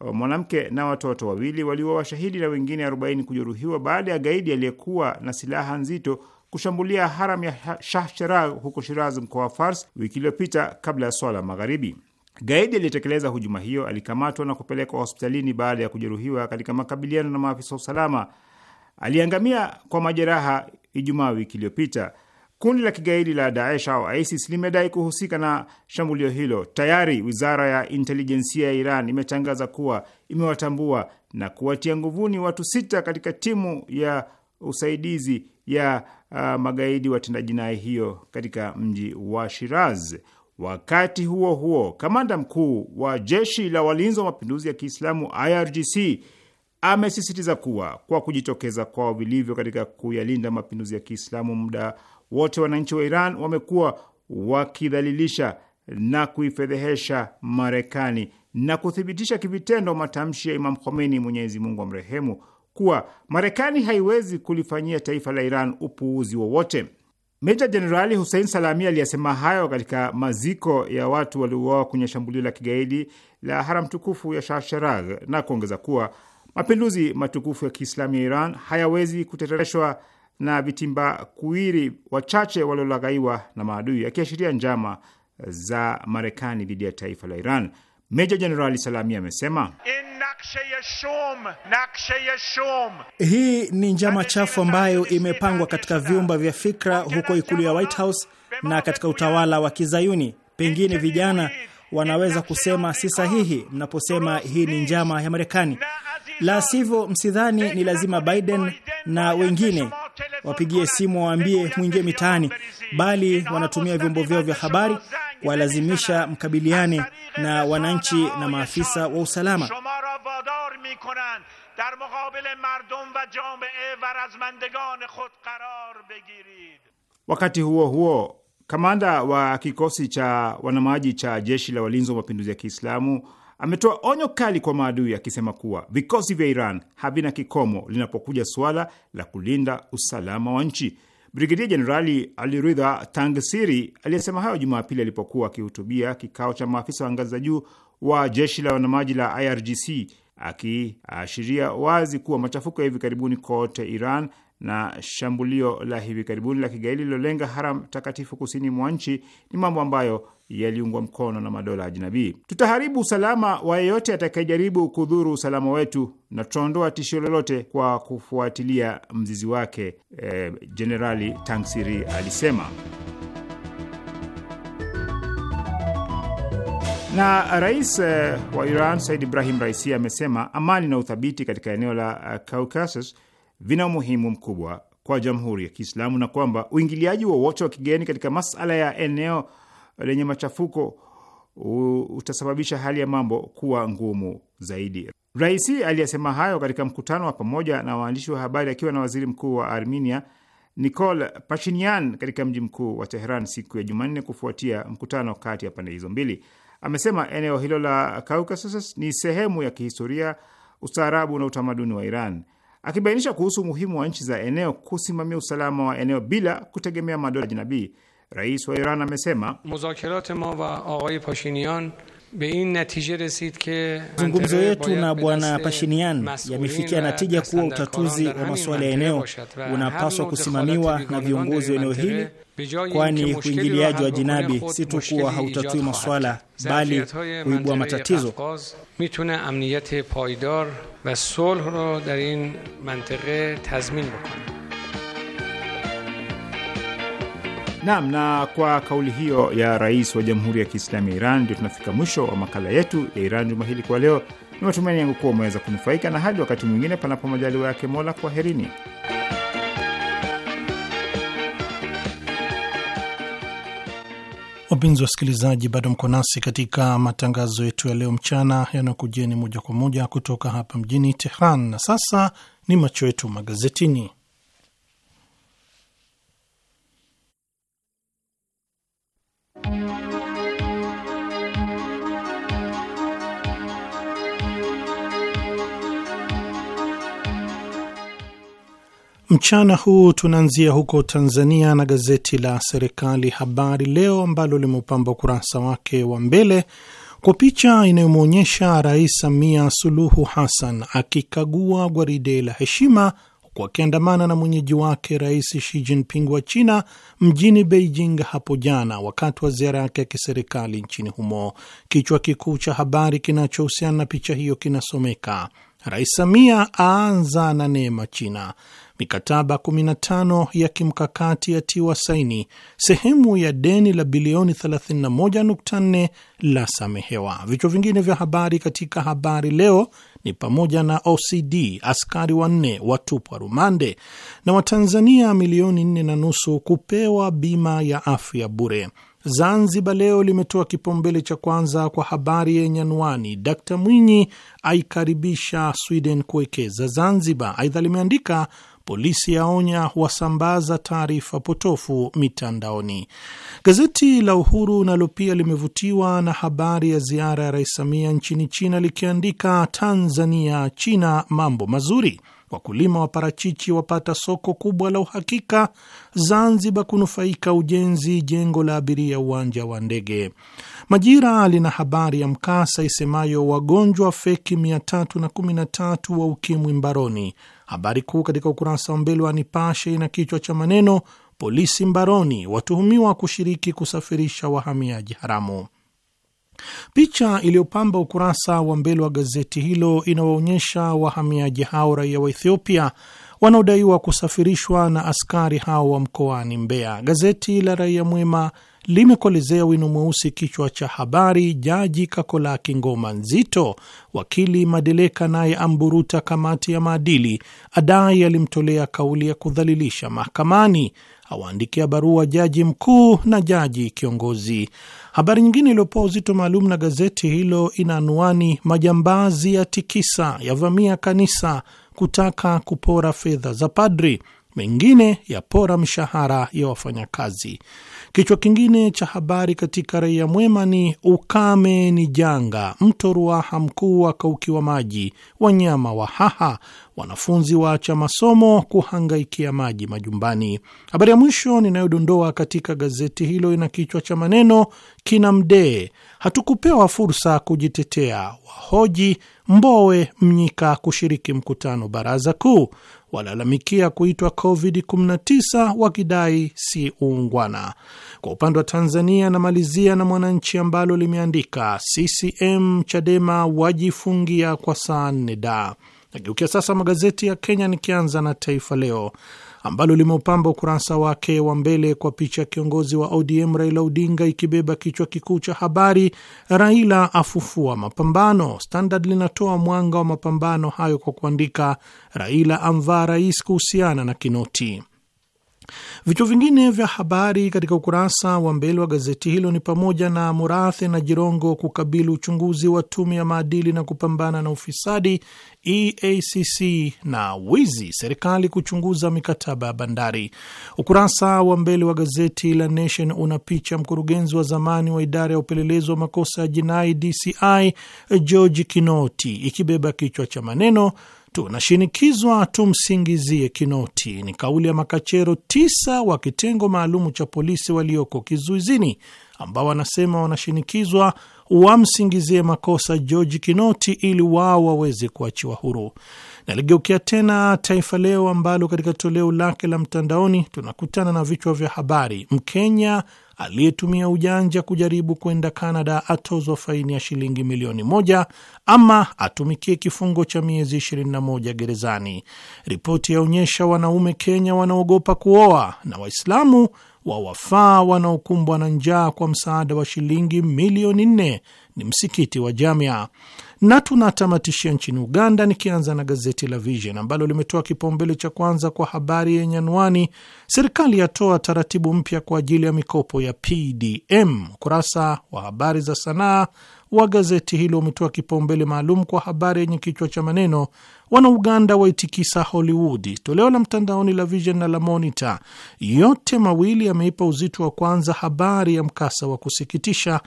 C: uh, mwanamke na watoto wawili waliwa washahidi na wengine 40 kujeruhiwa baada ya gaidi aliyekuwa na silaha nzito kushambulia haram ya Shah Cheragh huko Shiraz, mkoa wa Fars, wiki iliyopita kabla ya swala magharibi. Gaidi aliyetekeleza hujuma hiyo alikamatwa na kupelekwa hospitalini baada ya kujeruhiwa katika makabiliano na maafisa wa usalama. Aliangamia kwa majeraha Ijumaa wiki iliyopita. Kundi la kigaidi la Daesh au ISIS limedai kuhusika na shambulio hilo. Tayari wizara ya intelijensia ya Iran imetangaza kuwa imewatambua na kuwatia nguvuni watu sita katika timu ya usaidizi ya uh, magaidi watenda jinai hiyo katika mji wa Shiraz. Wakati huo huo, kamanda mkuu wa jeshi la walinzi wa mapinduzi ya Kiislamu IRGC amesisitiza kuwa kwa kujitokeza kwao vilivyo katika kuyalinda mapinduzi ya Kiislamu muda wote, wananchi wa Iran wamekuwa wakidhalilisha na kuifedhehesha Marekani na kuthibitisha kivitendo matamshi ya Imam Khomeini, Mwenyezi Mungu amrehemu, kuwa Marekani haiwezi kulifanyia taifa la Iran upuuzi wowote. Meja Jenerali Hussein Salami aliyasema hayo katika maziko ya watu waliouawa kwenye shambulio la kigaidi la haram tukufu ya Shah Cheragh na kuongeza kuwa mapinduzi matukufu ya Kiislamu ya Iran hayawezi kutetereshwa na vitimba kuwiri wachache waliolaghaiwa na maadui, akiashiria njama za Marekani dhidi ya taifa la Iran. Meja Jenerali Salami amesema hii ni njama chafu ambayo imepangwa katika vyumba vya fikra huko ikulu ya White House na katika utawala wa Kizayuni. Pengine vijana wanaweza kusema si sahihi mnaposema hii ni njama ya Marekani, la sivyo msidhani ni lazima Biden na wengine wapigie simu wawaambie mwingie mitaani, bali wanatumia vyombo vyao vya habari kuwalazimisha mkabiliane na wananchi na maafisa wa usalama. Wakati huo huo, kamanda wa kikosi cha wanamaji cha jeshi la walinzi wa mapinduzi ya Kiislamu ametoa onyo kali kwa maadui akisema kuwa vikosi vya Iran havina kikomo linapokuja suala la kulinda usalama wa nchi. Brigedia Jenerali Aliridha Tangsiri aliyesema hayo Jumapili alipokuwa akihutubia kikao cha maafisa wa ngazi za juu wa jeshi la wanamaji la IRGC, akiashiria wazi kuwa machafuko ya hivi karibuni kote Iran na shambulio la hivi karibuni la kigaidi lilolenga haram takatifu kusini mwa nchi ni mambo ambayo yaliungwa mkono na madola ajnabii. Tutaharibu usalama wa yeyote atakayejaribu kudhuru usalama wetu na tutaondoa tishio lolote kwa kufuatilia mzizi wake, e, Jenerali eh, Tangsiri alisema. Na rais e, wa Iran Said Ibrahim Raisi amesema amani na uthabiti katika eneo la e, Caucasus vina umuhimu mkubwa kwa Jamhuri ya Kiislamu na kwamba uingiliaji wowote wa, wa kigeni katika masala ya eneo lenye machafuko utasababisha hali ya mambo kuwa ngumu zaidi. Raisi aliyesema hayo katika mkutano wa pamoja na waandishi wa habari akiwa na waziri mkuu wa Armenia Nikol Pashinyan katika mji mkuu wa Teheran siku ya Jumanne, kufuatia mkutano kati ya pande hizo mbili. Amesema eneo hilo la Caucasus ni sehemu ya kihistoria, ustaarabu na utamaduni wa Iran, akibainisha kuhusu umuhimu wa nchi za eneo kusimamia usalama wa eneo bila kutegemea madola ajnabii. Rais wa Iran amesema
A: mazungumzo yetu na Bwana
C: Pashinian yamefikia natija kuwa utatuzi wa masuala ya eneo unapaswa kusimamiwa na viongozi wa eneo hili, kwani uingiliaji wa jinabi si tu kuwa
A: hautatui masuala bali huibua matatizo.
C: Naam, na kwa kauli hiyo ya rais wa Jamhuri ya Kiislamu ya Iran ndio tunafika mwisho wa makala yetu ya Iran juma hili kwa leo. Ni matumaini yangu kuwa umeweza kunufaika, na hadi wakati mwingine, panapo majaliwa yake Mola, kwaherini.
A: Wapenzi wasikilizaji, bado mko nasi katika matangazo yetu ya leo mchana, yanakujeni moja kwa moja kutoka hapa mjini Tehran, na sasa ni macho yetu magazetini. Mchana huu tunaanzia huko Tanzania na gazeti la serikali Habari Leo ambalo limeupamba ukurasa wake wa mbele kwa picha inayomwonyesha Rais Samia Suluhu Hassan akikagua gwaride la heshima huku akiandamana na mwenyeji wake Rais Xi Jinping wa China mjini Beijing hapo jana wakati wa ziara yake ya kiserikali nchini humo. Kichwa kikuu cha habari kinachohusiana na picha hiyo kinasomeka Rais Samia aanza na neema China mikataba 15 ya kimkakati yatiwa saini, sehemu ya deni la bilioni 31.4 la samehewa. Vichwa vingine vya habari katika habari leo ni pamoja na OCD askari wanne watupwa rumande, na Watanzania milioni nne na nusu kupewa bima ya afya bure. Zanzibar Leo limetoa kipaumbele cha kwanza kwa habari yenye anwani Dkt Mwinyi aikaribisha Sweden kuwekeza Zanzibar. Aidha limeandika polisi yaonya wasambaza taarifa potofu mitandaoni. Gazeti la Uhuru nalo pia limevutiwa na habari ya ziara ya Rais Samia nchini China likiandika, Tanzania China mambo mazuri, wakulima wa parachichi wapata soko kubwa la uhakika, Zanzibar kunufaika ujenzi jengo la abiria uwanja wa ndege. Majira lina habari ya mkasa isemayo wagonjwa feki 313 wa ukimwi mbaroni Habari kuu katika ukurasa wa mbele wa Nipashe ina kichwa cha maneno polisi mbaroni, watuhumiwa kushiriki kusafirisha wahamiaji haramu. Picha iliyopamba ukurasa wa mbele wa gazeti hilo inawaonyesha wahamiaji hao raia wa Ethiopia wanaodaiwa kusafirishwa na askari hao wa mkoani Mbeya. Gazeti la Raia Mwema limekolezea wino mweusi kichwa cha habari, jaji kakolaki kingoma nzito, wakili Madeleka naye amburuta kamati ya maadili, adai alimtolea kauli ya kudhalilisha mahakamani, awaandikia barua jaji mkuu na jaji kiongozi. Habari nyingine iliyopoa uzito maalum na gazeti hilo ina anwani, majambazi ya tikisa yavamia kanisa kutaka kupora fedha za padri, mengine yapora mshahara ya wafanyakazi. Kichwa kingine cha habari katika Raia Mwema ni ukame ni janga, mto Ruaha mkuu wakaukiwa maji, wanyama wa haha wanafunzi waacha masomo kuhangaikia maji majumbani. Habari ya mwisho ninayodondoa katika gazeti hilo ina kichwa cha maneno kina Mdee, hatukupewa fursa kujitetea, wahoji Mbowe, Mnyika kushiriki mkutano baraza kuu, walalamikia kuitwa COVID-19 wakidai si uungwana. Kwa upande wa Tanzania, malizia na Mwananchi ambalo limeandika CCM Chadema wajifungia kwa saa nne daa Nageukia sasa magazeti ya Kenya, nikianza na Taifa Leo ambalo limeupamba ukurasa wake wa mbele kwa picha ya kiongozi wa ODM Raila Odinga ikibeba kichwa kikuu cha habari, Raila afufua mapambano. Standard linatoa mwanga wa mapambano hayo kwa kuandika, Raila amvaa rais kuhusiana na Kinoti. Vituo vingine vya habari katika ukurasa wa mbele wa gazeti hilo ni pamoja na Murathe na Jirongo kukabili uchunguzi wa tume ya maadili na kupambana na ufisadi EACC na wizi, serikali kuchunguza mikataba ya bandari. Ukurasa wa mbele wa gazeti la Nation una picha mkurugenzi wa zamani wa idara ya upelelezi wa makosa ya jinai DCI George Kinoti ikibeba kichwa cha maneno tunashinikizwa tumsingizie Kinoti ni kauli ya makachero tisa wa kitengo maalumu cha polisi walioko kizuizini, ambao wanasema wanashinikizwa wamsingizie makosa George Kinoti ili wao waweze kuachiwa huru. Naligeukia tena Taifa Leo ambalo katika toleo lake la mtandaoni tunakutana na vichwa vya habari: Mkenya aliyetumia ujanja kujaribu kwenda canada atozwa faini ya shilingi milioni moja ama atumikie kifungo cha miezi 21 gerezani. Ripoti yaonyesha wanaume Kenya wanaogopa kuoa na Waislamu wa wafaa wanaokumbwa na njaa kwa msaada wa shilingi milioni nne ni msikiti wa Jamia. Na tunatamatishia nchini Uganda, nikianza na gazeti la Vision ambalo limetoa kipaumbele cha kwanza kwa habari yenye anwani serikali yatoa taratibu mpya kwa ajili ya mikopo ya PDM. Ukurasa wa habari za sanaa wa gazeti hilo umetoa kipaumbele maalum kwa habari yenye kichwa cha maneno Wanauganda waitikisa Hollywood. Toleo la mtandaoni la Vision na la Monitor yote mawili yameipa uzito wa kwanza habari ya mkasa wa kusikitisha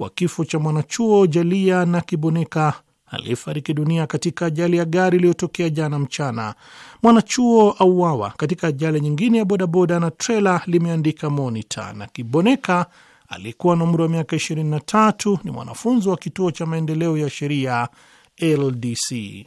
A: wa kifo cha mwanachuo Jalia na Kibunika aliyefariki dunia katika ajali ya gari iliyotokea jana mchana. Mwanachuo auawa katika ajali nyingine ya bodaboda na trela, limeandika Monita. Na Kiboneka aliyekuwa na umri wa miaka 23 ni mwanafunzi wa kituo cha maendeleo ya sheria LDC.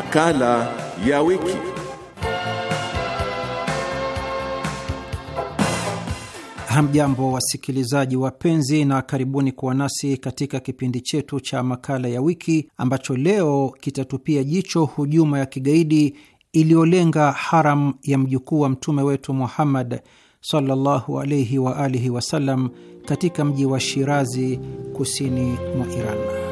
E: Makala ya wiki.
D: Hamjambo wasikilizaji wapenzi, na karibuni kuwa nasi katika kipindi chetu cha makala ya wiki ambacho leo kitatupia jicho hujuma ya kigaidi iliyolenga haram ya mjukuu wa mtume wetu Muhammad sallallahu alaihi wa alihi wasallam katika mji wa Shirazi kusini mwa Iran.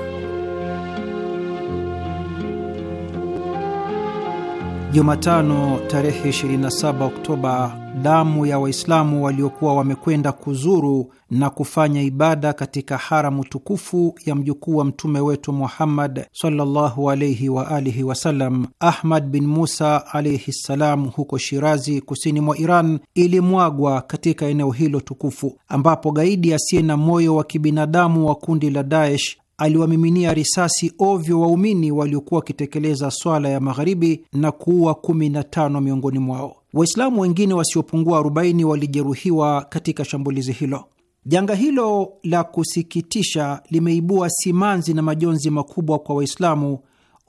D: Jumatano tarehe 27 Oktoba, damu ya Waislamu waliokuwa wamekwenda kuzuru na kufanya ibada katika haramu tukufu ya mjukuu wa mtume wetu Muhammad sallallahu alayhi wa alihi wasallam, Ahmad bin Musa alaihi ssalam, huko Shirazi, kusini mwa Iran, ilimwagwa katika eneo hilo tukufu, ambapo gaidi asiye na moyo wa kibinadamu wa kundi la Daesh aliwamiminia risasi ovyo waumini waliokuwa wakitekeleza swala ya magharibi na kuua 15 miongoni mwao. Waislamu wengine wasiopungua 40 walijeruhiwa katika shambulizi hilo. Janga hilo la kusikitisha limeibua simanzi na majonzi makubwa kwa Waislamu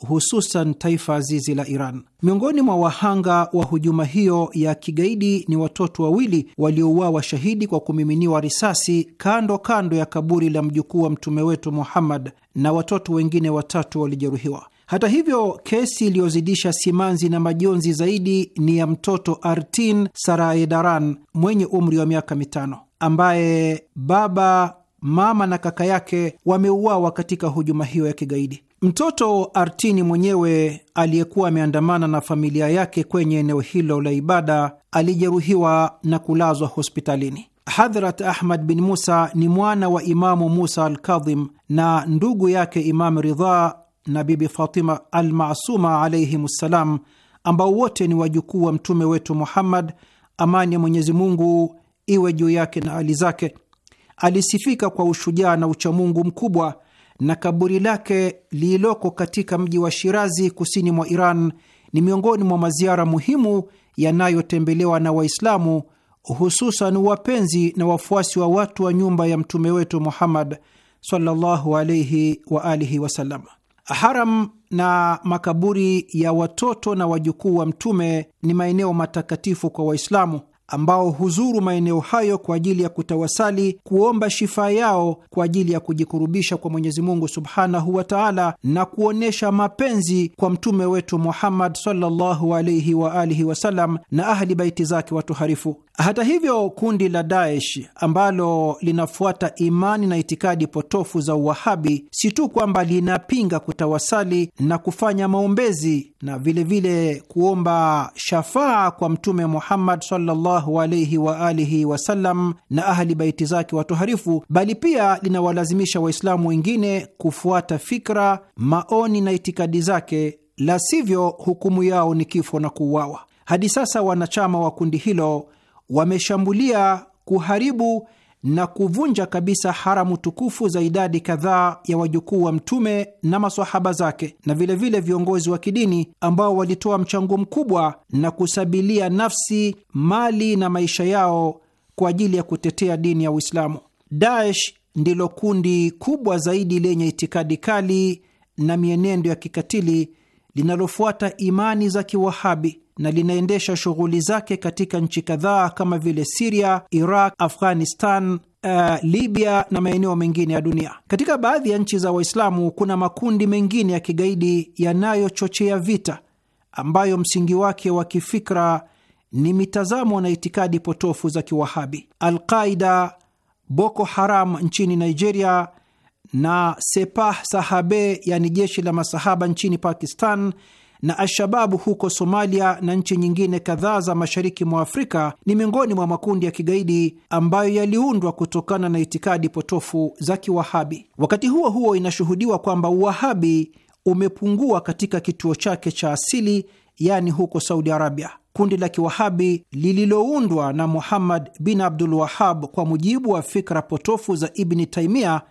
D: hususan taifa azizi la Iran. Miongoni mwa wahanga wa hujuma hiyo ya kigaidi ni watoto wawili waliouawa shahidi kwa kumiminiwa risasi kando kando ya kaburi la mjukuu wa mtume wetu Muhammad, na watoto wengine watatu walijeruhiwa. Hata hivyo, kesi iliyozidisha simanzi na majonzi zaidi ni ya mtoto Artin Sarayedaran mwenye umri wa miaka mitano ambaye baba mama na kaka yake wameuawa katika hujuma hiyo ya kigaidi. Mtoto Artini mwenyewe aliyekuwa ameandamana na familia yake kwenye eneo hilo la ibada alijeruhiwa na kulazwa hospitalini. Hadhrat Ahmad bin Musa ni mwana wa Imamu Musa Alkadhim na ndugu yake Imamu Ridha na Bibi Fatima masuma alaihim ssalam, ambao wote ni wajukuu wa mtume wetu Muhammad, amani ya Mwenyezi Mungu iwe juu yake na ali zake. Alisifika kwa ushujaa na uchamungu mkubwa na kaburi lake lililoko katika mji wa Shirazi kusini mwa Iran ni miongoni mwa maziara muhimu yanayotembelewa na Waislamu, hususan wapenzi na wafuasi wa watu wa nyumba ya mtume wetu Muhammad sallallahu alaihi wa alihi wasallam. Haram na makaburi ya watoto na wajukuu wa mtume ni maeneo matakatifu kwa Waislamu ambao huzuru maeneo hayo kwa ajili ya kutawasali, kuomba shifa yao kwa ajili ya kujikurubisha kwa Mwenyezi Mungu subhanahu wa taala na kuonyesha mapenzi kwa mtume wetu Muhammad sallallahu alaihi wa alihi wasallam na ahli baiti zake watuharifu. Hata hivyo, kundi la Daesh ambalo linafuata imani na itikadi potofu za Uwahabi si tu kwamba linapinga kutawasali na kufanya maombezi na vilevile vile kuomba shafaa kwa Mtume Muhammad sallallahu alaihi wa alihi wasallam na ahli baiti zake watoharifu, bali pia linawalazimisha Waislamu wengine kufuata fikra, maoni na itikadi zake, la sivyo hukumu yao ni kifo na kuuawa. Hadi sasa wanachama wa kundi hilo wameshambulia, kuharibu na kuvunja kabisa haramu tukufu za idadi kadhaa ya wajukuu wa Mtume na masahaba zake na vilevile vile viongozi wa kidini ambao walitoa mchango mkubwa na kusabilia nafsi, mali na maisha yao kwa ajili ya kutetea dini ya Uislamu. Daesh ndilo kundi kubwa zaidi lenye itikadi kali na mienendo ya kikatili linalofuata imani za Kiwahabi na linaendesha shughuli zake katika nchi kadhaa kama vile Siria, Iraq, Afghanistan, Uh, Libya na maeneo mengine ya dunia. Katika baadhi ya nchi za Waislamu kuna makundi mengine ya kigaidi yanayochochea vita ambayo msingi wake wa kifikra ni mitazamo na itikadi potofu za Kiwahabi. alqaida Boko Haram nchini Nigeria na Sepah Sahabe, yani jeshi la masahaba nchini Pakistan na al-shababu huko Somalia na nchi nyingine kadhaa za mashariki mwa Afrika ni miongoni mwa makundi ya kigaidi ambayo yaliundwa kutokana na itikadi potofu za Kiwahabi. Wakati huo huo, inashuhudiwa kwamba Uwahabi umepungua katika kituo chake cha asili, yaani huko Saudi Arabia. Kundi la Kiwahabi lililoundwa na Muhammad bin Abdul Wahab kwa mujibu wa fikra potofu za Ibni Taimia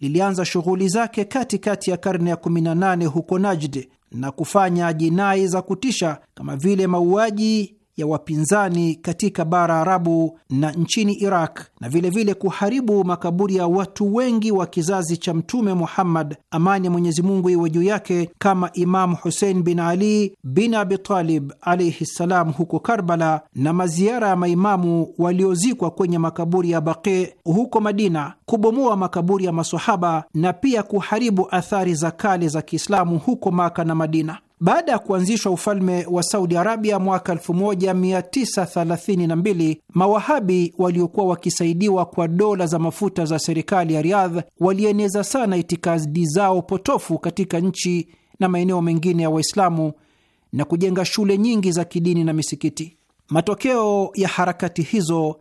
D: lilianza shughuli zake katikati ya karne ya 18 huko Najd na kufanya jinai za kutisha kama vile mauaji ya wapinzani katika bara Arabu na nchini Iraq na vilevile vile kuharibu makaburi ya watu wengi wa kizazi cha Mtume Muhammad, amani ya Mwenyezi Mungu iwe juu yake, kama Imamu Husein bin Ali bin Abi Talib alaihi ssalam huko Karbala na maziara ya maimamu waliozikwa kwenye makaburi ya Baqi huko Madina, kubomoa makaburi ya masahaba na pia kuharibu athari za kale za Kiislamu huko Maka na Madina. Baada ya kuanzishwa ufalme wa Saudi Arabia mwaka 1932, mawahabi waliokuwa wakisaidiwa kwa dola za mafuta za serikali ya Riyadh walieneza sana itikadi zao potofu katika nchi na maeneo mengine ya Waislamu na kujenga shule nyingi za kidini na misikiti. Matokeo ya harakati hizo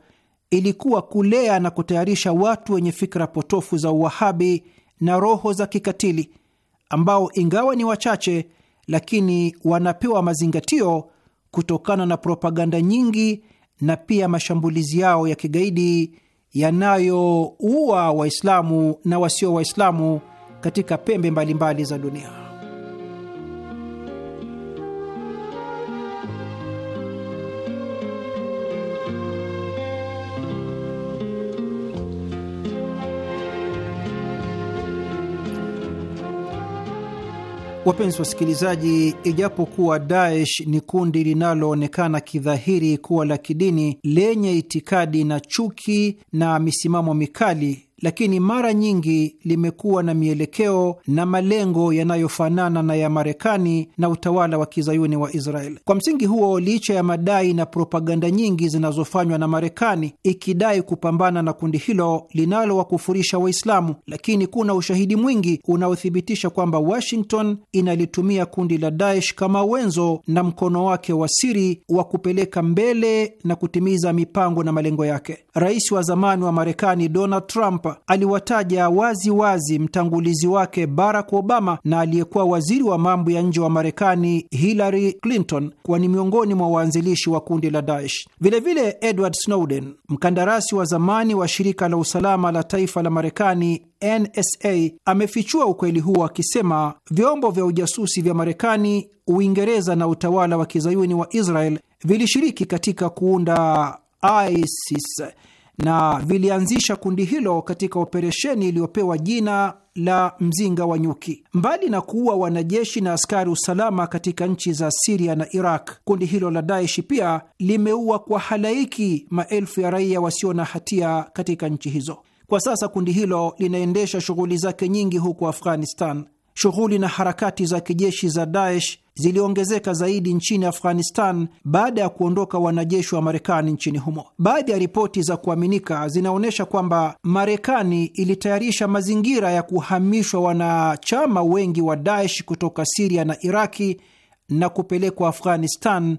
D: ilikuwa kulea na kutayarisha watu wenye fikra potofu za uwahabi na roho za kikatili ambao ingawa ni wachache lakini wanapewa mazingatio kutokana na propaganda nyingi na pia mashambulizi yao ya kigaidi yanayoua Waislamu na wasio Waislamu katika pembe mbalimbali mbali za dunia. Wapenzi wasikilizaji, ijapokuwa Daesh ni kundi linaloonekana kidhahiri kuwa la kidini lenye itikadi na chuki na misimamo mikali lakini mara nyingi limekuwa na mielekeo na malengo yanayofanana na ya Marekani na utawala wa kizayuni wa Israel. Kwa msingi huo, licha ya madai na propaganda nyingi zinazofanywa na Marekani ikidai kupambana na kundi hilo linalowakufurisha Waislamu, lakini kuna ushahidi mwingi unaothibitisha kwamba Washington inalitumia kundi la Daesh kama wenzo na mkono wake wa siri wa kupeleka mbele na kutimiza mipango na malengo yake. Rais wa zamani wa Marekani Donald Trump Iraq aliwataja wazi wazi mtangulizi wake Barack Obama na aliyekuwa waziri wa mambo ya nje wa Marekani Hillary Clinton kuwa ni miongoni mwa waanzilishi wa kundi la Daesh. Vilevile Edward Snowden, mkandarasi wa zamani wa shirika la usalama la taifa la Marekani NSA amefichua ukweli huo akisema vyombo vya ujasusi vya Marekani, Uingereza na utawala wa kizayuni wa Israel vilishiriki katika kuunda ISIS na vilianzisha kundi hilo katika operesheni iliyopewa jina la mzinga wa nyuki. Mbali na kuua wanajeshi na askari usalama katika nchi za Siria na Iraq, kundi hilo la Daeshi pia limeua kwa halaiki maelfu ya raia wasio na hatia katika nchi hizo. Kwa sasa kundi hilo linaendesha shughuli zake nyingi huko Afghanistan shughuli na harakati za kijeshi za Daesh ziliongezeka zaidi nchini Afghanistan baada ya kuondoka wanajeshi wa Marekani nchini humo. Baadhi ya ripoti za kuaminika zinaonyesha kwamba Marekani ilitayarisha mazingira ya kuhamishwa wanachama wengi wa Daesh kutoka Siria na Iraki na kupelekwa Afghanistan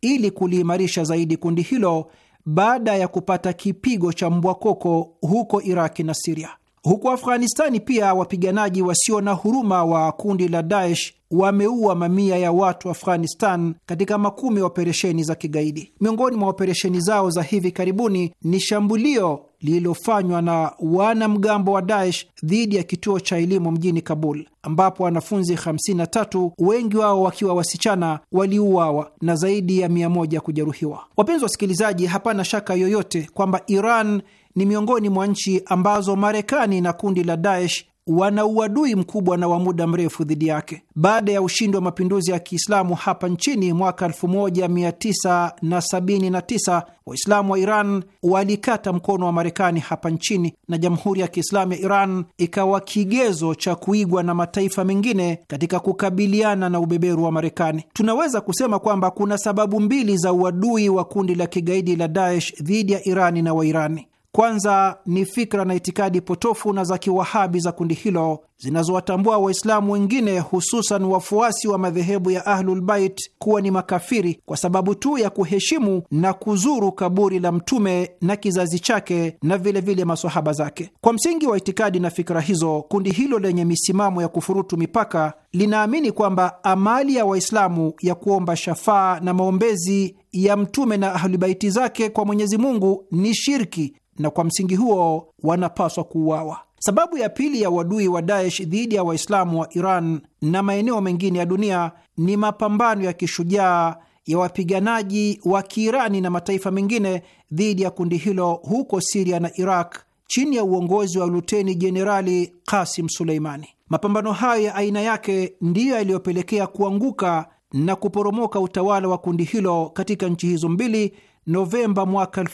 D: ili kuliimarisha zaidi kundi hilo baada ya kupata kipigo cha mbwakoko huko Iraki na Siria. Huko Afghanistani pia wapiganaji wasio na huruma wa kundi la Daesh wameua mamia ya watu Afghanistan katika makumi ya operesheni za kigaidi. Miongoni mwa operesheni zao za hivi karibuni ni shambulio lililofanywa na wanamgambo wa Daesh dhidi ya kituo cha elimu mjini Kabul, ambapo wanafunzi 53 wengi wao wakiwa wasichana waliuawa na zaidi ya 100 kujeruhiwa. Wapenzi wasikilizaji, hapana shaka yoyote kwamba Iran ni miongoni mwa nchi ambazo Marekani na kundi la Daesh wana uadui mkubwa na wa muda mrefu dhidi yake. Baada ya ushindi wa mapinduzi ya Kiislamu hapa nchini mwaka 1979 Waislamu wa Iran walikata mkono wa Marekani hapa nchini na Jamhuri ya Kiislamu ya Iran ikawa kigezo cha kuigwa na mataifa mengine katika kukabiliana na ubeberu wa Marekani. Tunaweza kusema kwamba kuna sababu mbili za uadui wa kundi la kigaidi la Daesh dhidi ya Irani na Wairani. Kwanza ni fikra na itikadi potofu na za kiwahabi za kundi hilo zinazowatambua Waislamu wengine hususan wafuasi wa madhehebu ya Ahlulbait kuwa ni makafiri kwa sababu tu ya kuheshimu na kuzuru kaburi la Mtume na kizazi chake na vilevile vile masohaba zake. Kwa msingi wa itikadi na fikra hizo, kundi hilo lenye misimamo ya kufurutu mipaka linaamini kwamba amali ya Waislamu ya kuomba shafaa na maombezi ya Mtume na Ahlubaiti zake kwa Mwenyezi Mungu ni shirki na kwa msingi huo wanapaswa kuuawa. Sababu ya pili ya uadui wa Daesh dhidi ya Waislamu wa Iran na maeneo mengine ya dunia ni mapambano ya kishujaa ya wapiganaji wa Kiirani na mataifa mengine dhidi ya kundi hilo huko Siria na Iraq chini ya uongozi wa Luteni Jenerali Kasim Suleimani. Mapambano hayo ya aina yake ndiyo yaliyopelekea kuanguka na kuporomoka utawala wa kundi hilo katika nchi hizo mbili Novemba mwaka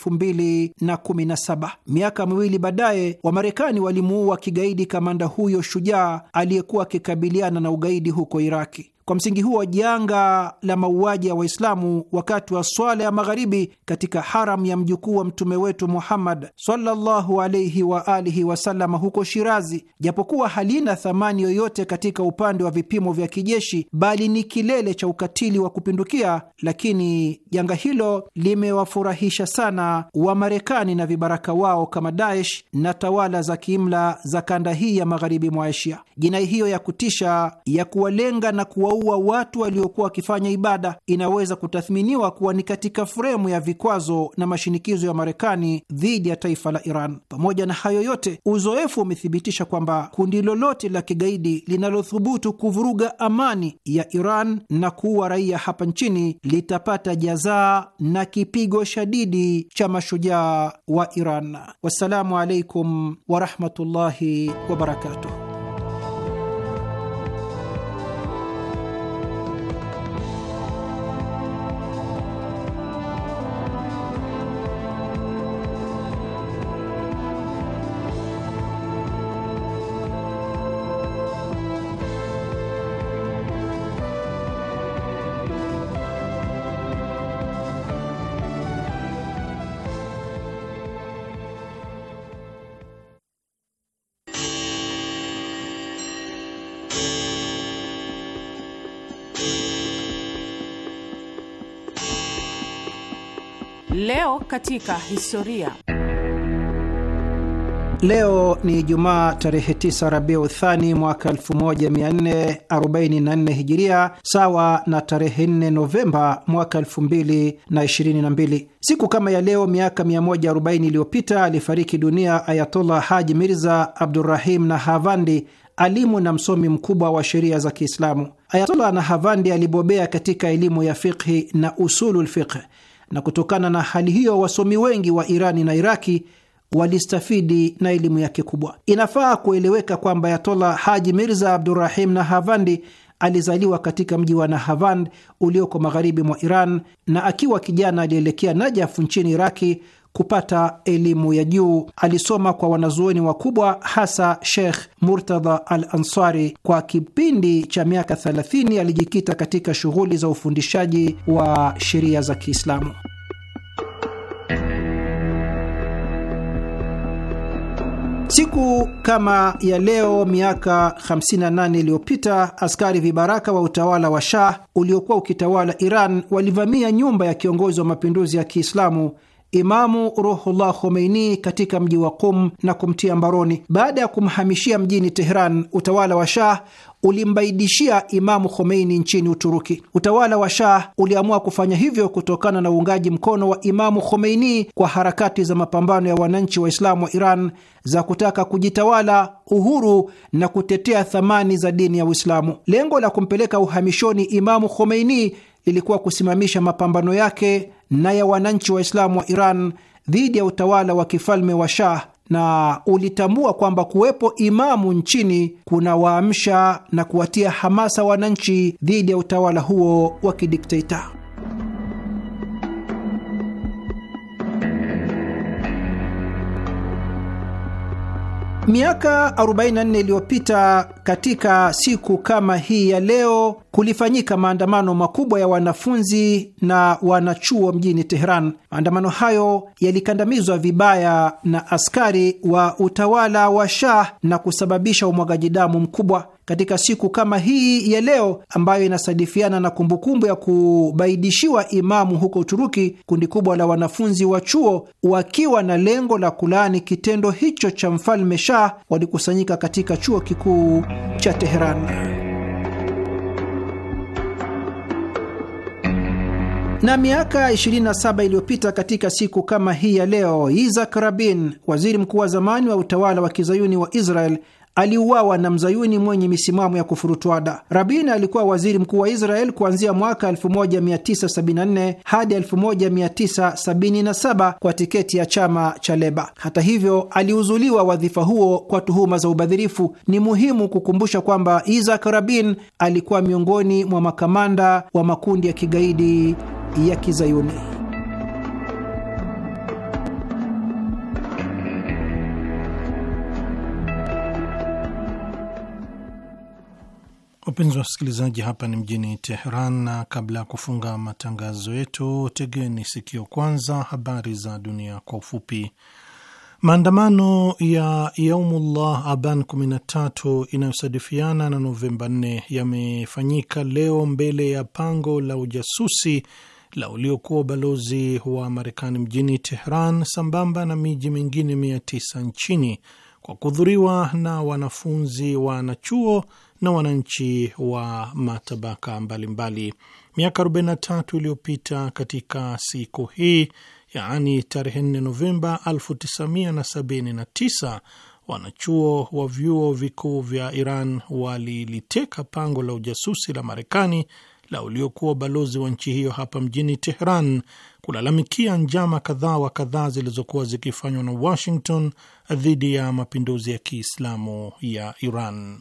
D: saba. Miaka miwili baadaye, Wamarekani walimuua kigaidi kamanda huyo shujaa aliyekuwa akikabiliana na ugaidi huko Iraki. Kwa msingi huo, janga la mauaji ya Waislamu wakati wa swala ya magharibi katika haram ya mjukuu wa mtume wetu Muhammad sallallahu alaihi wa alihi wasallam huko Shirazi, japokuwa halina thamani yoyote katika upande wa vipimo vya kijeshi, bali ni kilele cha ukatili wa kupindukia, lakini janga hilo limewafurahisha sana Wamarekani na vibaraka wao kama Daesh na tawala za kiimla za kanda hii ya magharibi mwa Asia. Jinai hiyo ya kutisha ya kuwalenga na kuwa kuwaua watu waliokuwa wakifanya ibada inaweza kutathminiwa kuwa ni katika fremu ya vikwazo na mashinikizo ya Marekani dhidi ya taifa la Iran. Pamoja na hayo yote, uzoefu umethibitisha kwamba kundi lolote la kigaidi linalothubutu kuvuruga amani ya Iran na kuua raia hapa nchini litapata jazaa na kipigo shadidi cha mashujaa wa Iran. Wassalamu alaikum warahmatullahi wabarakatuh.
F: Leo katika historia.
D: Leo ni Jumaa tarehe 9 Rabiu Thani mwaka 1444 Hijiria, sawa na tarehe 4 Novemba mwaka 2022. Siku kama ya leo miaka 140 iliyopita alifariki dunia Ayatollah Haji Mirza Abdurrahim Nahavandi, alimu na msomi mkubwa wa sheria za Kiislamu. Ayatollah Nahavandi alibobea katika elimu ya fiqhi na usulul fiqh na kutokana na hali hiyo wasomi wengi wa Irani na Iraki walistafidi na elimu yake kubwa. Inafaa kueleweka kwamba ayatola Haji Mirza abdurahim Nahavandi alizaliwa katika mji wa Nahavand ulioko magharibi mwa Iran, na akiwa kijana alielekea Najafu nchini Iraki kupata elimu ya juu. Alisoma kwa wanazuoni wakubwa, hasa Sheikh Murtadha Al Ansari. Kwa kipindi cha miaka 30 alijikita katika shughuli za ufundishaji wa sheria za Kiislamu. Siku kama ya leo miaka 58 iliyopita askari vibaraka wa utawala wa Shah uliokuwa ukitawala Iran walivamia nyumba ya kiongozi wa mapinduzi ya Kiislamu Imamu Ruhullah Khomeini katika mji wa Qum na kumtia mbaroni. Baada ya kumhamishia mjini Tehran, utawala wa Shah ulimbaidishia Imamu Khomeini nchini Uturuki. Utawala wa Shah uliamua kufanya hivyo kutokana na uungaji mkono wa Imamu Khomeini kwa harakati za mapambano ya wananchi Waislamu wa Iran za kutaka kujitawala, uhuru na kutetea thamani za dini ya Uislamu. Lengo la kumpeleka uhamishoni Imamu Khomeini lilikuwa kusimamisha mapambano yake na ya wananchi Waislamu wa Iran dhidi ya utawala wa kifalme wa Shah na ulitambua kwamba kuwepo imamu nchini kunawaamsha na kuwatia hamasa wananchi dhidi ya utawala huo wa kidikteta. Miaka 44 iliyopita katika siku kama hii ya leo kulifanyika maandamano makubwa ya wanafunzi na wanachuo mjini Teheran. Maandamano hayo yalikandamizwa vibaya na askari wa utawala wa Shah na kusababisha umwagaji damu mkubwa katika siku kama hii ya leo ambayo inasadifiana na kumbukumbu ya kubaidishiwa Imamu huko Uturuki, kundi kubwa la wanafunzi wa chuo wakiwa na lengo la kulaani kitendo hicho cha mfalme Shah walikusanyika katika chuo kikuu cha Teheran. na miaka 27 iliyopita katika siku kama hii ya leo, Yitzhak Rabin, waziri mkuu wa zamani wa utawala wa kizayuni wa Israel, aliuawa na mzayuni mwenye misimamo ya kufurutwada. Rabin alikuwa waziri mkuu wa Israel kuanzia mwaka 1974 hadi 1977 kwa tiketi ya chama cha Leba. Hata hivyo, aliuzuliwa wadhifa huo kwa tuhuma za ubadhirifu. Ni muhimu kukumbusha kwamba Isaac Rabin alikuwa miongoni mwa makamanda wa makundi ya kigaidi ya kizayuni.
A: Wapenzi wasikilizaji, hapa ni mjini Teheran, na kabla ya kufunga matangazo yetu, tegeni sikio kwanza habari za dunia kwa ufupi. Maandamano ya Yaumullah Aban 13 inayosadifiana na Novemba 4 yamefanyika leo mbele ya pango la ujasusi la uliokuwa ubalozi wa Marekani mjini teheran sambamba na miji mingine 9 nchini kwa kuhudhuriwa na wanafunzi, wanachuo na wananchi wa matabaka mbalimbali. Miaka 43 iliyopita katika siku hii, yaani tarehe 4 Novemba 1979 wanachuo wa vyuo vikuu vya Iran waliliteka pango la ujasusi la Marekani la uliokuwa balozi wa nchi hiyo hapa mjini Tehran kulalamikia njama kadhaa wa kadhaa zilizokuwa zikifanywa na Washington dhidi ya mapinduzi ya Kiislamu ya Iran.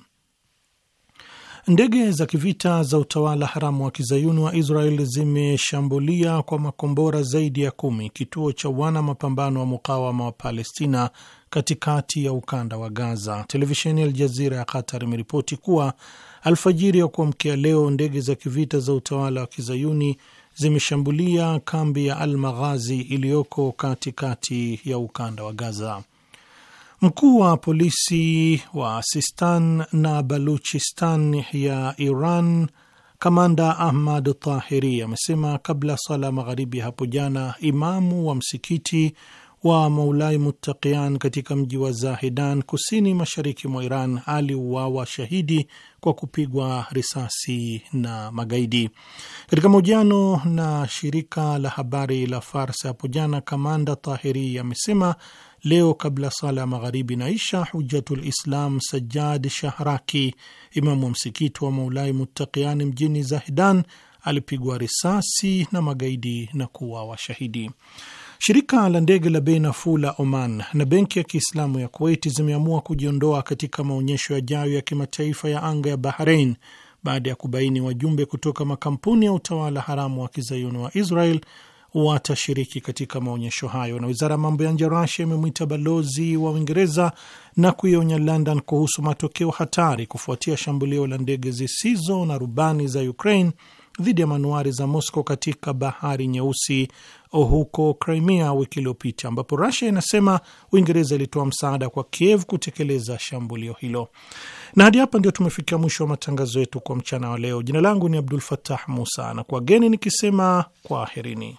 A: Ndege za kivita za utawala haramu wa kizayuni wa Israel zimeshambulia kwa makombora zaidi ya kumi kituo cha wana mapambano wa mukawama wa Palestina katikati ya ukanda wa Gaza. Televisheni ya Aljazira ya Qatar imeripoti kuwa alfajiri ya kuamkia leo ndege za kivita za utawala wa kizayuni zimeshambulia kambi ya Al Maghazi iliyoko katikati ya ukanda wa Gaza. Mkuu wa polisi wa Sistan na Baluchistan ya Iran, kamanda Ahmad Tahiri amesema kabla sala magharibi hapo jana, imamu wa msikiti wa Maulai Mutakian katika mji wa Zahedan kusini mashariki mwa Iran aliuawa shahidi kwa kupigwa risasi na magaidi. Katika mahojiano na shirika la habari la Fars hapo jana, kamanda Tahiri amesema leo kabla sala ya magharibi na isha, Hujatul Islam Sajjad Shahraki, imamu wa msikiti wa Maulai Muttaqiani mjini zahidan alipigwa risasi na magaidi na kuwa washahidi. Shirika la ndege la bei nafuu la Oman na benki ya Kiislamu ya Kuwaiti zimeamua kujiondoa katika maonyesho yajayo ya kimataifa ya anga ya bahrein baada ya kubaini wajumbe kutoka makampuni ya utawala haramu wa kizayuni wa Israel watashiriki katika maonyesho hayo. Na wizara ya mambo ya nje ya Rasia imemwita balozi wa Uingereza na kuionya London kuhusu matokeo hatari kufuatia shambulio la ndege zisizo na rubani za Ukraine dhidi ya manuari za Moscow katika bahari Nyeusi huko Crimea wiki iliyopita, ambapo Rusia inasema Uingereza ilitoa msaada kwa Kiev kutekeleza shambulio hilo. Na hadi hapa ndio tumefikia mwisho wa matangazo yetu kwa mchana wa leo. Jina langu ni Abdul Fatah Musa na kwa geni nikisema kwaherini.